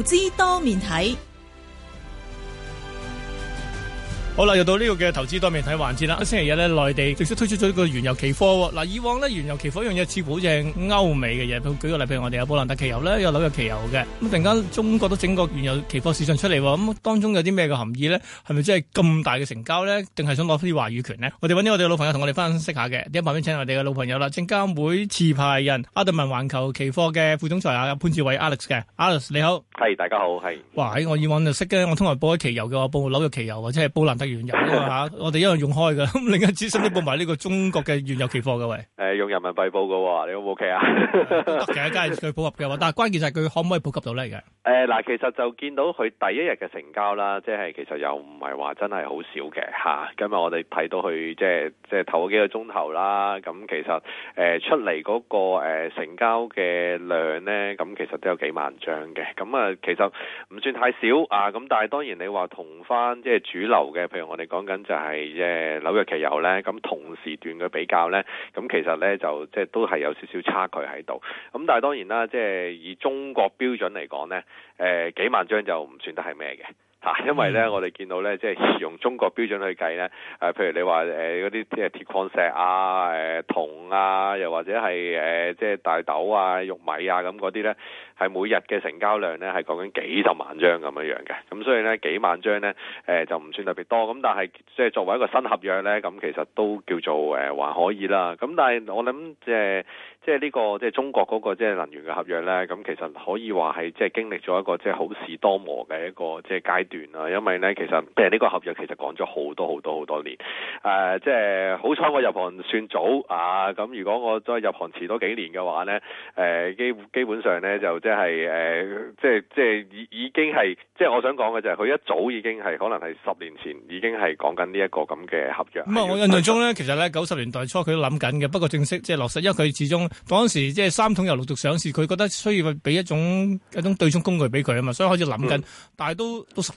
投資多面睇。好啦，又到呢個嘅投資多面睇環節啦。星期一咧，內地正式推出咗一個原油期貨，哦。嗱、啊，以往咧，原油期貨一樣嘢，似乎好似係歐美嘅嘢。舉個例，譬如我哋有布蘭特期油咧，有紐約期油嘅。咁、嗯、突然間，中國都整個原油期貨市場出嚟，哦，咁、嗯、當中有啲咩嘅含義咧？係咪真係咁大嘅成交咧？定係想攞啲話語權咧？我哋揾啲我哋老朋友同我哋分析下嘅。第一排邊請我哋嘅老朋友啦，證監會持牌人亞達盟環球期貨嘅副總裁啊，潘志偉 Alex 嘅。Alex 你好，係大家好，係。哇，喺我以往就識嘅，我通常報一期油嘅，報紐約期油或者係布蘭特。原油啊，我哋一路用開噶，咁 另一資訊都報埋呢個中國嘅原油期貨嘅喂，誒 用人民幣報嘅喎，你 OK 啊？得 嘅，梗係佢普及嘅，但係關鍵就係佢可唔可以普及到咧？嘅誒嗱，其實就見到佢第一日嘅成交啦，即係其實又唔係話真係好少嘅嚇，今日我哋睇到佢即係即係頭幾個鐘頭啦，咁其實誒出嚟嗰個成交嘅量咧，咁其實都有幾萬張嘅，咁啊，其實唔算太少啊，咁但係當然你話同翻即係主流嘅。我哋講緊就係即紐約期油咧，咁同時段嘅比較咧，咁其實咧就即都係有少少差距喺度。咁但係當然啦，即以中國標準嚟講咧，誒幾萬張就唔算得係咩嘅。啊、因為咧，我哋見到咧，即係用中國標準去計咧，誒、呃，譬如你話誒嗰啲即係鐵礦石啊、誒銅啊，又或者係誒、呃、即係大豆啊、玉米啊咁嗰啲咧，係每日嘅成交量咧係講緊幾十萬張咁樣樣嘅，咁所以咧幾萬張咧、呃、就唔算特別多，咁但係即係作為一個新合約咧，咁其實都叫做誒、呃、還可以啦。咁但係我諗、呃、即係、這個、即係呢個即係中國嗰、那個即係能源嘅合約咧，咁其實可以話係即係經歷咗一個即係好事多磨嘅一個即係階段。源因為咧，其實誒呢個合約其實講咗好多好多好多年，誒即係好彩我入行算早啊！咁如果我再入行遲多幾年嘅話咧，誒、呃、基基本上咧就、就是呃、即係誒即係即係已已經係即係我想講嘅就係佢一早已經係可能係十年前已經係講緊呢一個咁嘅合約。咁啊，我印象中咧，其實咧九十年代初佢都諗緊嘅，不過正式即係、就是、落實，因為佢始終當時即係三桶油陸續上市，佢覺得需要俾一種一種對沖工具俾佢啊嘛，所以開始諗緊，嗯、但係都都十。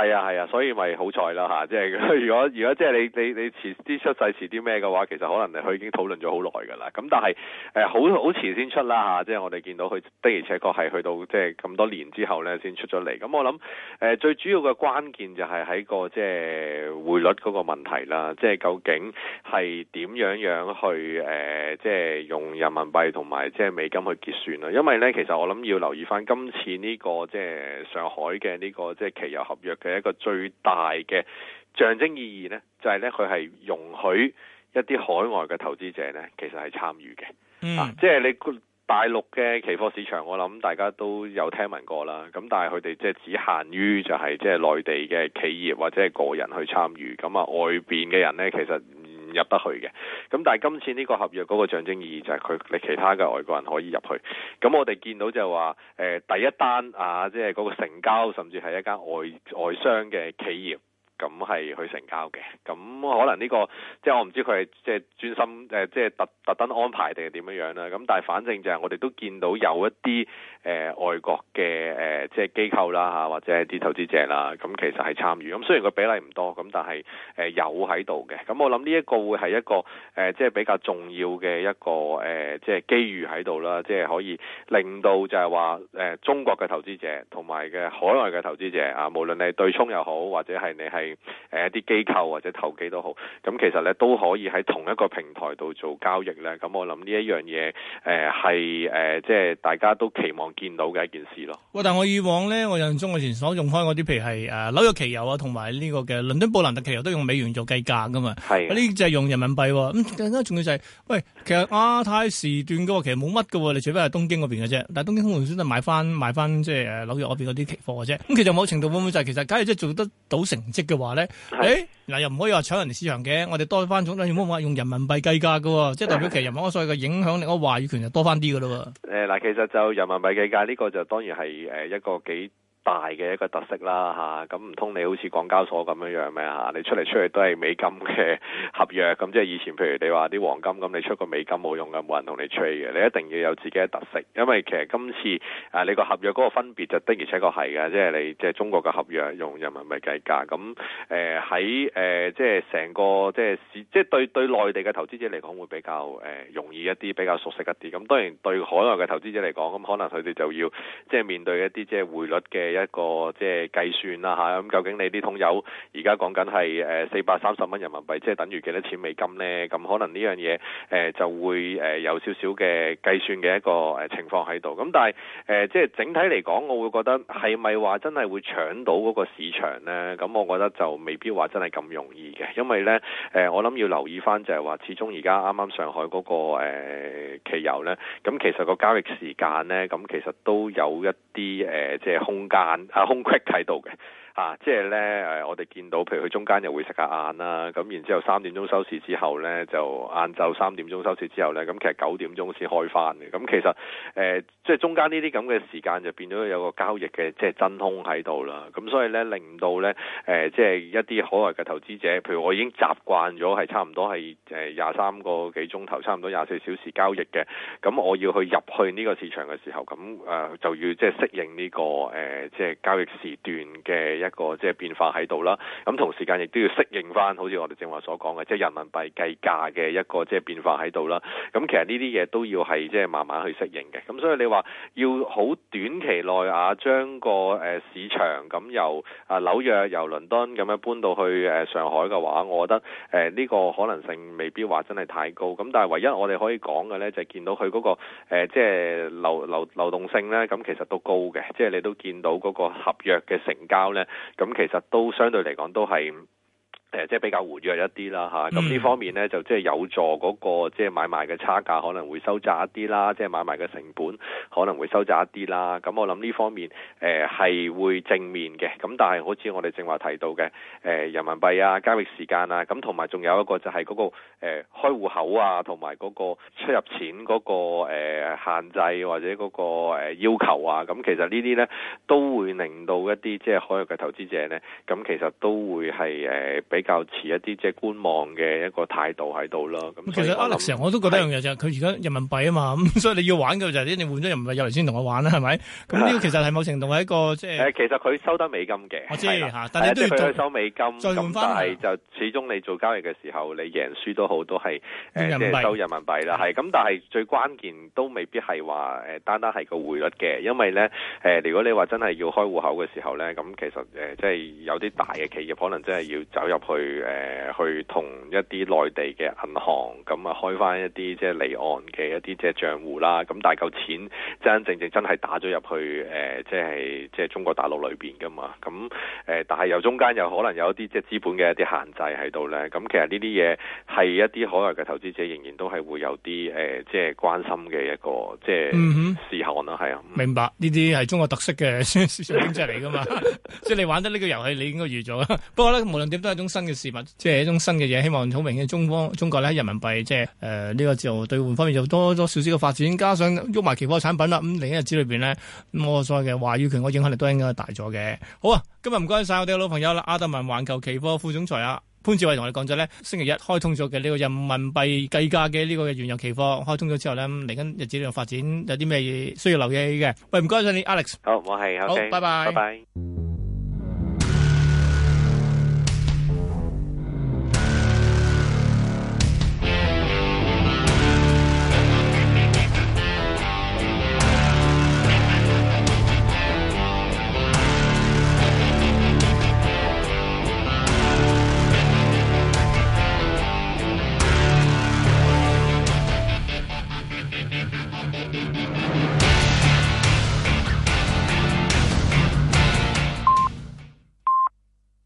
係啊係啊，所以咪好彩啦吓，即、啊、係如果如果即係你你你、你遲啲出世遲啲咩嘅話，其實可能佢已經討論咗好耐㗎啦。咁但係誒好好遲先出啦吓，即、啊、係、啊就是、我哋見到佢的而且確係去到即係咁多年之後呢，先出咗嚟。咁、啊、我諗誒、呃、最主要嘅關鍵就係喺、那個即係、就是、匯率嗰個問題啦，即、就、係、是、究竟係點樣樣去誒即係用人民幣同埋即係美金去結算啊？因為呢，其實我諗要留意翻今次呢、這個即係、就是、上海嘅呢、這個即係期油合約嘅，一個最大嘅象徵意義呢，就係呢佢係容許一啲海外嘅投資者呢，其實係參與嘅。嗯，啊、即係你大陸嘅期貨市場，我諗大家都有聽聞過啦。咁但係佢哋即係只限於就係即係內地嘅企業或者係個人去參與。咁啊，外邊嘅人呢，其實入得去嘅，咁但係今次呢個合約嗰個象徵意義就係佢你其他嘅外國人可以入去，咁我哋見到就係話，誒，第一單啊，即係嗰個成交甚至係一間外外商嘅企業。咁係去成交嘅，咁可能呢個即係我唔知佢係即係專心、呃、即係特特登安排定係點樣樣啦。咁但係反正就係我哋都見到有一啲誒、呃、外國嘅、呃、即係機構啦或者係啲投資者啦，咁、嗯、其實係參與。咁雖然佢比例唔多，咁但係誒、呃、有喺度嘅。咁我諗呢一個會係一個即係比較重要嘅一個誒、呃、即係機遇喺度啦，即係可以令到就係話、呃、中國嘅投資者同埋嘅海外嘅投資者啊，無論你對沖又好，或者係你係。誒一啲機構或者投機都好，咁其實咧都可以喺同一個平台度做交易咧。咁我諗呢一樣嘢誒係誒，即係大家都期望見到嘅一件事咯。喂，但係我以往咧，我印象中我以前所用開嗰啲，譬如係誒、啊、紐約期油啊，同埋呢個嘅倫敦布蘭特期油都用美元做計價噶嘛。係、啊。嗰啲就係用人民幣、啊。咁、嗯、更加重要就係、是，喂，其實亞太時段嗰個其實冇乜噶，你除非係東京嗰邊嘅啫。但係東京通常都係買翻買翻即係誒紐約嗰邊嗰啲期貨嘅啫。咁、嗯、其實某程度會唔會就係其實假如即係做得到成績嘅？話咧，誒、欸，嗱又唔可以話搶人哋市場嘅，我哋多翻總等於冇冇用人民幣計價噶，即係代表其實人民幣嘅影響力，那個、話語權就多翻啲噶啦。誒，嗱，其實就人民幣計價呢個就當然係誒一個幾。大嘅一個特色啦嚇，咁唔通你好似港交所咁樣樣咩嚇？你出嚟出去都係美金嘅合約，咁即係以前譬如你話啲黃金咁，你出個美金冇用嘅，冇人同你 trade 嘅。你一定要有自己嘅特色，因為其實今次、啊、你個合約嗰個分別就的而且確係嘅，即係你即係中國嘅合約用人民幣計價。咁喺即係成個即係即係對對內地嘅投資者嚟講會比較容易一啲，比較熟悉一啲。咁當然對海外嘅投資者嚟講，咁可能佢哋就要即係面對一啲即係匯率嘅一個即係計算啦吓咁、啊嗯、究竟你呢桶油而家講緊係四百三十蚊人民幣，即係等於幾多錢美金呢？咁、嗯、可能呢樣嘢就會、呃、有少少嘅計算嘅一個、呃、情況喺度。咁、嗯、但係、呃、即係整體嚟講，我會覺得係咪話真係會搶到嗰個市場呢？咁、嗯、我覺得就未必話真係咁容易。.嘅，因為咧，誒、呃，我諗要留意翻就係話，始終而家啱啱上海嗰、那個誒、呃、期油咧，咁其實個交易時間咧，咁其實都有一啲誒、呃，即係空間啊，空隙喺度嘅。啊，即係咧，誒我哋見到，譬如佢中間又會食下晏啦，咁然之後三點鐘收市之後咧，就晏晝三點鐘收市之後咧，咁其實九點鐘先開翻嘅。咁其實誒、呃，即係中間呢啲咁嘅時間就變咗有個交易嘅即係真空喺度啦。咁所以咧令到咧、呃、即係一啲海外嘅投資者，譬如我已經習慣咗係差唔多係誒廿三個幾鐘頭，差唔多廿四小時交易嘅，咁我要去入去呢個市場嘅時候，咁誒就要即係適應呢、個、呃、即係交易時段嘅一。個即係變化喺度啦，咁同時間亦、就是、都要適應翻，好似我哋正話所講嘅，即係人民幣計價嘅一個即係變化喺度啦。咁其實呢啲嘢都要係即係慢慢去適應嘅。咁所以你話要好短期內啊，將個、呃、市場咁、嗯、由啊紐、呃、約、由倫敦咁樣搬到去、呃、上海嘅話，我覺得誒呢、呃這個可能性未必話真係太高。咁但係唯一我哋可以講嘅呢，就係、是、見到佢嗰、那個、呃、即係流流流動性呢，咁、嗯、其實都高嘅，即係你都見到嗰個合約嘅成交呢。咁其實都相對嚟講，都係，誒即係比較活躍一啲啦嚇，咁呢方面呢，就即係有助嗰、那個即係買賣嘅差價可能會收窄一啲啦，即係買賣嘅成本可能會收窄一啲啦。咁我諗呢方面誒係、呃、會正面嘅。咁但係好似我哋正話提到嘅誒、呃、人民幣啊、交易時間啊，咁同埋仲有一個就係嗰、那個誒、呃、開戶口啊，同埋嗰個出入錢嗰、那個、呃、限制或者嗰、那個、呃、要求啊。咁其實呢啲呢，都會令到一啲即係海外嘅投資者呢，咁其實都會係誒、呃比較遲一啲即係觀望嘅一個態度喺度咯。咁其實 Alex 我都覺得樣嘢就係佢而家人民幣啊嘛，咁所以你要玩嘅就係、是、你換咗人民幣入嚟先同我玩啦，係咪？咁呢個其實係某程度係一個即係其實佢收得美金嘅，我知但係都要換收美金。咁但係就始終你做交易嘅時候，你贏輸都好，都係誒即係收人民幣啦。係咁，但係最關鍵都未必係話誒單單係個匯率嘅，因為咧誒，如果你話真係要開戶口嘅時候咧，咁其實誒即係有啲大嘅企業可能真係要走入。去誒、呃、去同一啲內地嘅銀行，咁啊開翻一啲即係離岸嘅一啲即係賬戶啦，咁大嚿錢真真正正真係打咗入去誒、呃，即係即係中國大陸裏邊噶嘛，咁誒、呃、但係又中間又可能有一啲即係資本嘅一啲限制喺度咧，咁其實呢啲嘢係一啲海外嘅投資者仍然都係會有啲誒、呃、即係關心嘅一個即係、嗯哼、事項啦，係啊、嗯，明白呢啲係中國特色嘅市場經濟嚟噶嘛，即 係你玩得呢個遊戲，你應該預咗啦。不過咧，無論點都係一種新嘅事物，即係一種新嘅嘢，希望好明顯。中方中國咧，人民幣即係誒呢個自由兌換方面有多多少少嘅發展，加上喐埋期貨產品啦。咁嚟緊日子裏邊咧，我所謂嘅話語權我影響力都應該大咗嘅。好啊，今日唔該晒我哋嘅老朋友啦，亞達盟環球期貨副總裁啊，潘志偉同我哋講咗咧，星期一開通咗嘅呢個人民幣計價嘅呢個原油期貨開通咗之後咧，嚟緊日子裏面發展有啲咩嘢需要留意嘅？喂，唔該晒你，Alex。好，我係拜拜，拜、okay, 拜。Bye bye bye bye